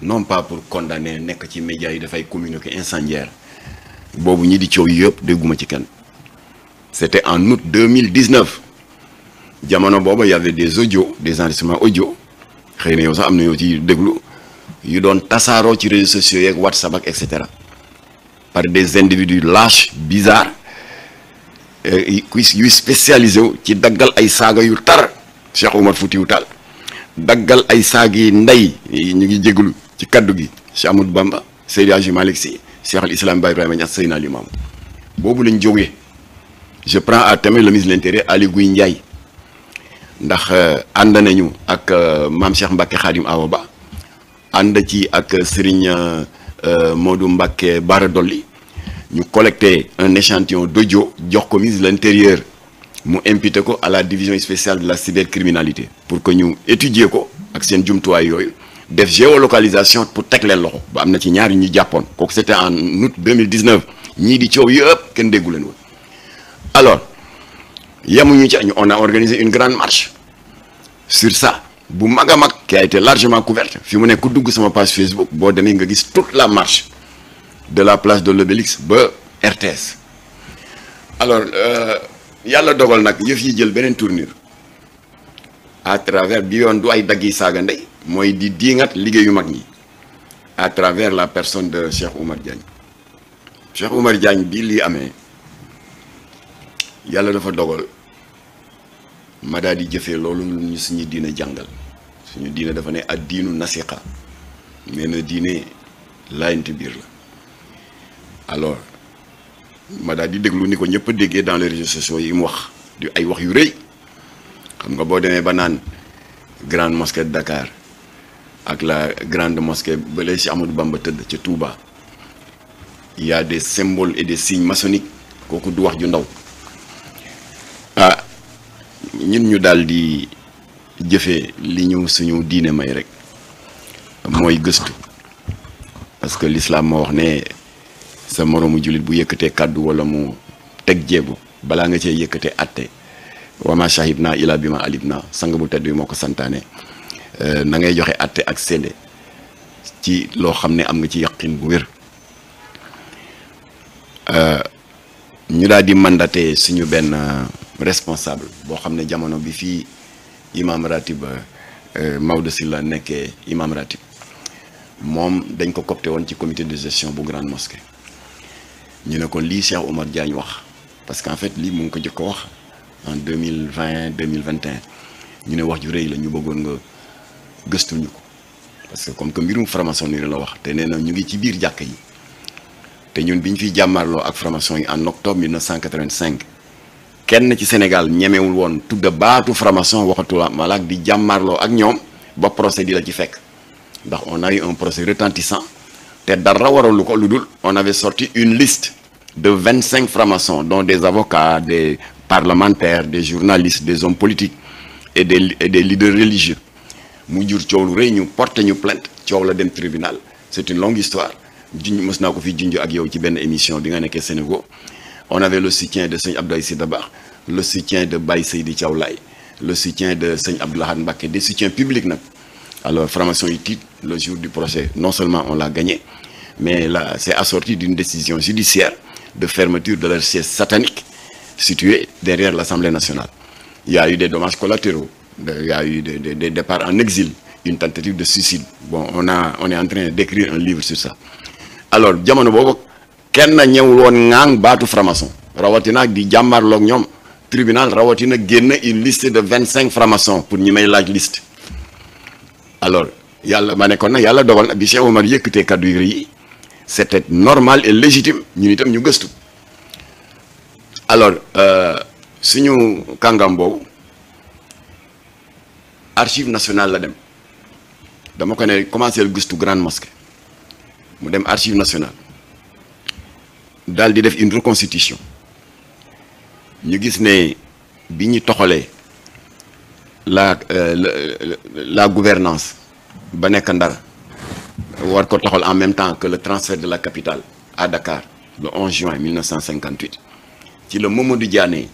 non pas pour condamner nekk ci médias yi dafay communiquer incendiaire boobu ñii di coow yëpp dégguma ci kenn c'était en août 2019 jamono booba y avait des audios des enregistrements ojo xëy na yow sax am na yow ci déglu yu doon tasaaroo ci réseaux sociaux yeeg WhatsApp ak et cetera par des individus lâches bizarres euh, yuy spécialisé wu ci daggal ay saaga yu tar Cheikh Oumar Foutiyou Tall daggal ay saag yi ndey ñu ngi jéglu ci kaddu gi Cheikh Amadou Bamba Seydi Hadji Malick Sy Cheikh al Islam Baye boobu lañu jóge je prends à témoin la ministre l'intérieur Ali Guy Ndiaye ndax euh, ànd nañu ak euh, maam Cheikh Mbacke Khadim Awa Ba ànd ci ak Serigne euh, Modou Mbacke Bara Dolli ñu collecté un échantillon d'audio jox ko ministre de l'intérieur mu imputé ko à la division spéciale de la cybercriminalité pour que ñu étudier ko ak seen jumtuwaay yooyu def géolocalisation pour teg leen loxo ba am na ci ñaar ñaari ñi jàppoon kooku c'était en août 2019 ñii di coow yëpp kenn déggu woon alors yemuñu ci on a organisé une grande marche sur sa bu mag a mag qui a largement couverte fi mu nekk ku dugg sama page Facebook boo demee nga gis toute la marche de la place de l'Obélisque ba RTS alors euh, yàlla dogal nag yëf yi jël beneen tournure à travers bi yoon du ay dagg yi saaga ndey mooy di diingat liggéeyu mag ñi à travers la personne de Cheikh Oumar Diagne Cheikh Oumar Diagne bii lii amee yàlla dafa dogal ma daal di jëfee loolu ñu suñu diine jàngal suñu diina dafa ne ak diinu nasiqa nee na diine laayante biir la alors ma daal di déglu ni ko ñëpp déggee dans les réseaux sociaux yi mu wax di ay wax yu rëy xam nga boo demee ba naan grande mosquée de Dakar ak la grande mosquée bële si Amadou Bamba tëdd ca Touba il y a des et des signes maçonniques kooku du wax ju ndaw ah ñun ñu dal di jëfee li ñu suñu diine may rek mooy gëstu parce que l'islam moo wax ne sa moroomu jullit bu yëkkatee kàddu wala mu teg jeebu balaa nga cee yëkkatee atte wama shahid naa ilaa bi ma alib naa sang bu tedd bi moo ko santaane Euh, na ngay joxe àtte ak seede ci loo xam ne am nga ci yaqin bu wér euh, ñu daal di mandaté suñu benn responsable boo xam ne jamono bi fii imam ratib euh, Maodo Sylla nekkee imam ratib moom dañ ko copté woon ci comité de gestion bu grande mosquée ñu ne ko lii Cheikh Omar Diagne wax parce que en fait lii mu ngi ko jëkk ko wax en deux mille vingt deux mille vingt et un ñu ne wax ju rëy la ñu bëggoon nga. gëstuñu ko parce que comme que mbirum franc-maçonnerie la wax te nee na ñu ngi ci biir jàkk yi te ñun bi ñu fiy jàmmarloo ak franc yi en octobre 1985 kenn ci Sénégal ñemewul woon tudda baatu franc-maçon waxatula malaak di jàmmarloo ak ñoom ba procès di la ci fekk ndax on a eu un procès retentissant te dara waralu ko lu dul on avait sorti une liste de vingt cinq francs-maçons dont des avocats des parlementaires des journalistes des hommes politiques et des et des leaders religieux mu jur coow lu rey ñu porté ñu plainte coow la dem tribunal c'est une longue histoire junj naa ko fi junj ak yow ci benn émission bi nga nekkee Sénégal on avait le soutien de señ Abdoulaye Sy Dabakh le soutien de Baye Seydi Thiaw Laye le soutien de señ Abdou Lahad Mbacké des soutiens publics nag alors formation yi tiit le jour du procès non seulement on l'a gagné mais là c'est assorti d'une décision judiciaire de fermeture de leur siège satanique situé derrière l'Assemblée nationale il y a eu des dommages collatéraux il y a des, des, des, départs en exil, une tentative de suicide. Bon, on, a, on est en un livre sur ça. Alors, jamono boobu kenn ñewul won ngang baatu franc-maçon. Rawatina di jambar lok ñom tribunal rawatina génn une liste de vingt cinq maçons pour ñi may laaj liste. Alors, yàlla ma nekkoon na yàlla dogal na bi Cheikh Omar yëkkatee kaddu yu yi et normal et légitime ñun itam ñu gëstu alors euh, suñu kàngam boobu archive nationale la dem dama ko ne commencé gistu grande mosquée mu dem archive nationale daal di def une reconstitution ñu gis ne bi ñu toxolee la euh, la gouvernance ba nekk ndar war ko toxol en même temps que le transfert de la capitale à Dakar le 11 juin 1958 ci la Mamadou Diané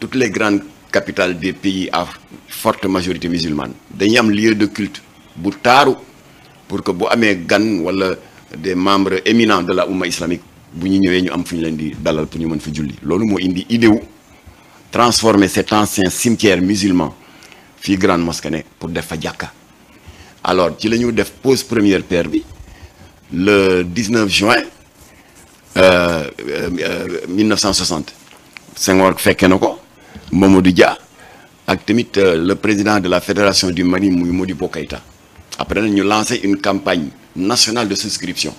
toutes les grandes capitale des pays à forte majorité musulmane dañuy am lieu de culte bu taaru pour que bu amee gan wala des membre éminents de la umma islamique bu ñu ñëwee ñu am fu ñu leen di dalal pour ñu mën fa julli loolu moo indi idée wu transformer cet ancien cimetière musulman fii grande mosquée ne pour def fa jàkka alors ci la ñu def pose première paire bi le 19 juin euh, euh, 1960 euh, Senghor fekkee na ko moom Mamadou Dia ak tamit euh, le président de la fédération du Mali muy Modibo Keïta après nag ñu lancé une campagne nationale de souscription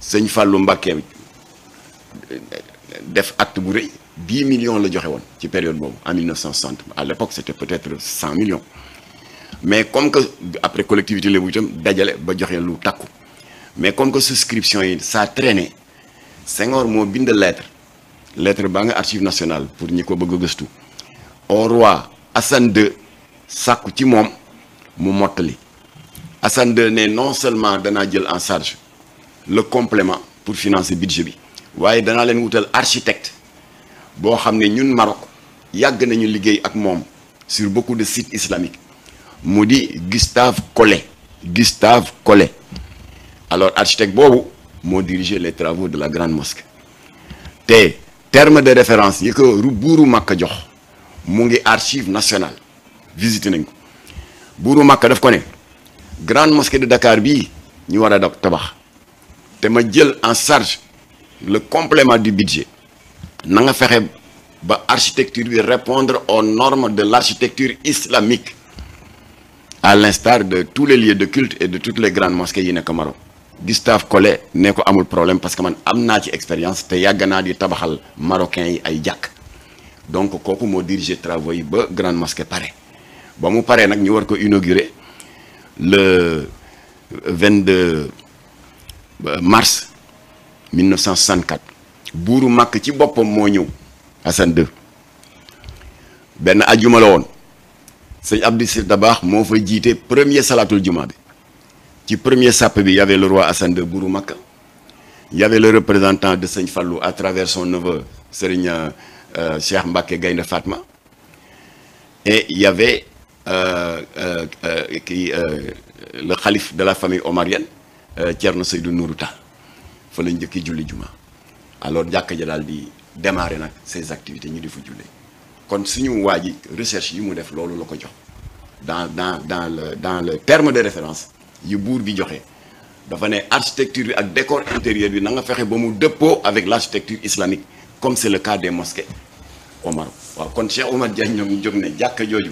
sëñ Fallou Mbacké euh, def acte bu rëy 10 millions la joxe woon ci période boobu en 1960 à l'époque c'était peut-être 100 millions mais comme que après collectivité lébu itam dajale ba joxe lu takku mais comme que souscription yi sa traînait Senghor moo bind lettre lettre baa nga archive nationale pour ñi ko bëgg a gëstu au roi Hassan II sàkku ci moom mu mottali Hassan ne non seulement danaa jël en charge le complément pour financer budget bi waaye danaa leen wutal architecte boo xam ne ñun Maroc yàgg nañu liggéey ak moom sur beaucoup de sites islamiques mu di Gustave Collet Gustave Collet alors architecte boobu moo dirigé les travaux de la grande mosquée te terme de référence yi buuru Makka jox mu ngi archive nationale visité nañ ko buuru Makka daf ko ne grande mosquée de Dakar bii ñu war a da tabax te ma jël en charge le complément du budget na nga fexe ba architecture bi répondre aux normes de l'architecture islamique à l'instar de tous les lieux de cult et de toutes les grandes mosquées yi nekk Maroc Gustave Collet ne ko amul problème parce que man am naa ci expérience te yàgg naa di tabaxal marocain yi ay jàkk donc kooku moo dirigé travaux yi ba grande mosquée pare ba mu paree nag ñu war ko inaugurer le 22 euh, mars 1964 buuru màkk ci boppam moo ñëw Hassan II benn ajjuma la woon sëñ Abdou Sif baax moo fa jiite premier salatul juma bi ci premier sàpp bi y avait le roi Hassan II buuru màkk y le représentant de sëñ Fallou à travers son neveu Serigne euh, euh, Cheikh Mbacké Gaynde Fatma et il y avait euh, euh, euh, euh, le khalife de la famille omarienne Thierno Seydou Nourou Tall fa la njëkki julli juma alors jàkk ja daal di démarrer nag ses activités ñu di jullee kon suñu waa ji recherche yi mu def loolu la ko jox dans dans dans le dans le terme de référence yu buur bi joxe dafa ne architecture bi ak décor intérieur bi na nga fexe ba mu dëppoo avec l'architecture islamique comme c'est le cas des mosquées Omar waaw kon Cheikh Omar Diagne ñoom ñu jóg ne jàkka jooju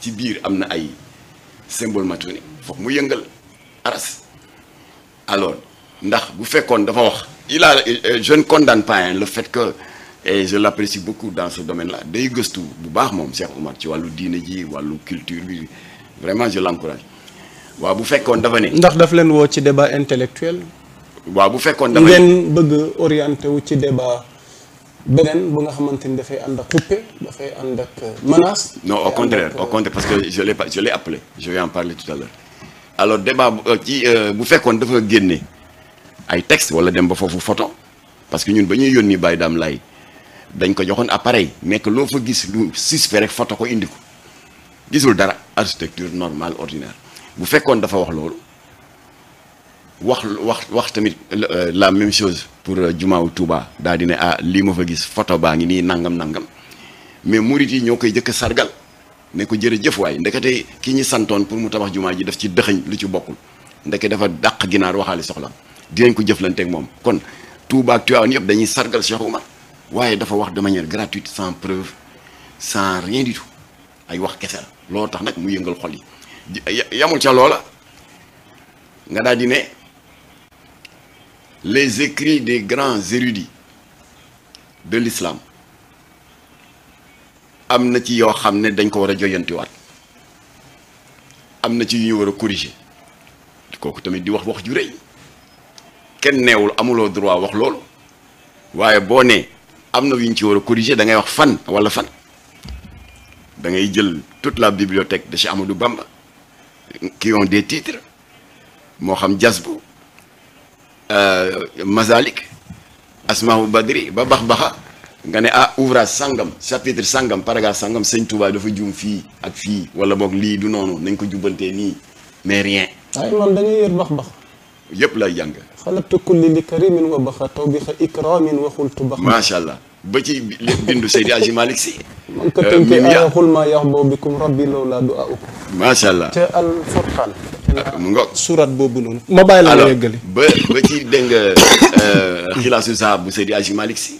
ci biir am na ay symbole maçonnique foog mu yëngal aras alors ndax bu fekkoon dafa wax il jeune je ne condamne le fait que et je l'apprécie beaucoup dans ce domaine-là day gëstu bu baax moom Cheikh Omar ci wàllu diine ji wàllu culture bi vraiment je l'encourage waaw bu fekkoon dafa ne. ndax daf leen woo ci débat intellectuel. waaw bu fekkoon dafa ne ngeen bëgg orienté wu ci débat. beneen bu nga xamante ni dafay ànd ak coupé dafay ànd ak euh, menace. non au contraire au euh, contraire parce que je l'ai je l'ai appelé je vais en parler tout à l'heure alors débat euh, ci bu fekkoon dafa génne ay texte wala dem ba foofu photo parce que ñun ba ñuy yónni Baye daam Laye dañ ko joxoon appareil mais que loo fa gis lu suspect rek photo ko indi ko gisul dara architecture normale ordinaire bu fekkoon dafa wax loolu. wax wax wax tamit euh, la même chose pour euh, jumaa Touba daal di ne ah lii ma fa gis photo baa ngi nii nangam nangam mais murit yi ñoo koy jëkk sargal ne ko jërëjëf waay ndekete ki ñu santoon pour mu tabax jumaa ji def ci dëxëñ lu ci bokkul ndeke dafa daq ginaar waxaale soxla dinañ ko jëflanteek moom kon Touba ak Tivaouane yëpp dañuy sargal Cheikh Oumar waaye dafa wax de manière gratuite sans preuve sans rien ay wax kese la loolu tax nag mu yëngal xol yi yamul ca loola les écrits des grands érudits de l'islam am na ci yoo xam ne dañ ko war a joyantiwaat am na ci yu ñu war a corriger kooku tamit di wax wax ju kenn neewul amuloo droit wax loolu waaye boo nee am na yu ñu ci war a corriger da ngay wax fan wala fan da ngay jël toute la bibliothèque de Cheikh Amadou Bamba qui ont des titres moo xam jazbu Euh, Masalik asmau badri ba bax baxa nga ne ah ouvrage sangam chapitre sangam paragraphe sangam sañ Touba dafa juum fii ak fii wala boog lii du noonu nañ ko jubbantee nii mais rien. waaye moom dañuy yor bax bax. yëpp lay jàng. xalaqtu kulli li karimin wa baxa tawbixa ikramin wa xultu bax. macha allah ba ci bindu Seydi Aji Malick Si. man ko tënkee ala xul ma yax boobu bikum rabbi lawla du aw. macha allah mu boobu noonu. ma bàyyi la yeggali alors ba ba ci dégg nga euh, xilaasu saa bu Si.